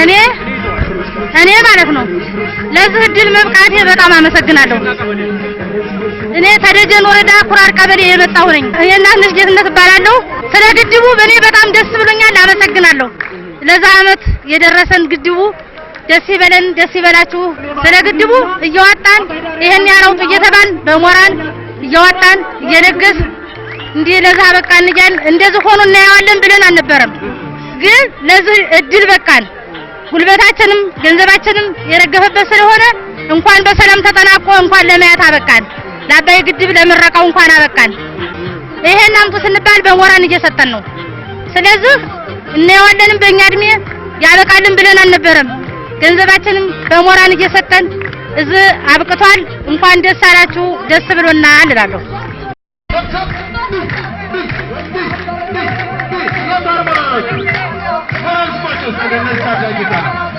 እኔ እኔ ማለት ነው ለዚህ እድል መብቃቴ በጣም አመሰግናለሁ። እኔ ተደጀን ወረዳ ኩራር ቀበሌ የመጣሁ ነኝ። የእናት ልጅ ጌትነት እባላለሁ። ስለ ግድቡ እኔ በጣም ደስ ብሎኛል። አመሰግናለሁ። ለዛ አመት የደረሰን ግድቡ ደስ ይበለን፣ ደስ ይበላችሁ። ስለ ግድቡ እየዋጣን ይሄን ያረውጡ እየተባል በሞራል እየዋጣን እየለገስ እንዲህ ለዛ በቃ እያልን እንደዚህ ሆኖ እናየዋለን ብለን አልነበረም፣ ግን ለዚህ እድል በቃን። ጉልበታችንም ገንዘባችንም የረገፈበት ስለሆነ እንኳን በሰላም ተጠናቆ እንኳን ለማየት አበቃን። ለአባይ ግድብ ለምረቃው እንኳን አበቃን። ይሄን አምጡ ስንባል በወራን እየሰጠን ነው። ስለዚህ እናየዋለንም በእኛ እድሜ ያበቃልን ብለን አልነበረም። ገንዘባችንም በሞራን እየሰጠን እዚህ አብቅቷል። እንኳን ደስ አላችሁ፣ ደስ ብሎናል እላለሁ። Terus ada naik saja kita.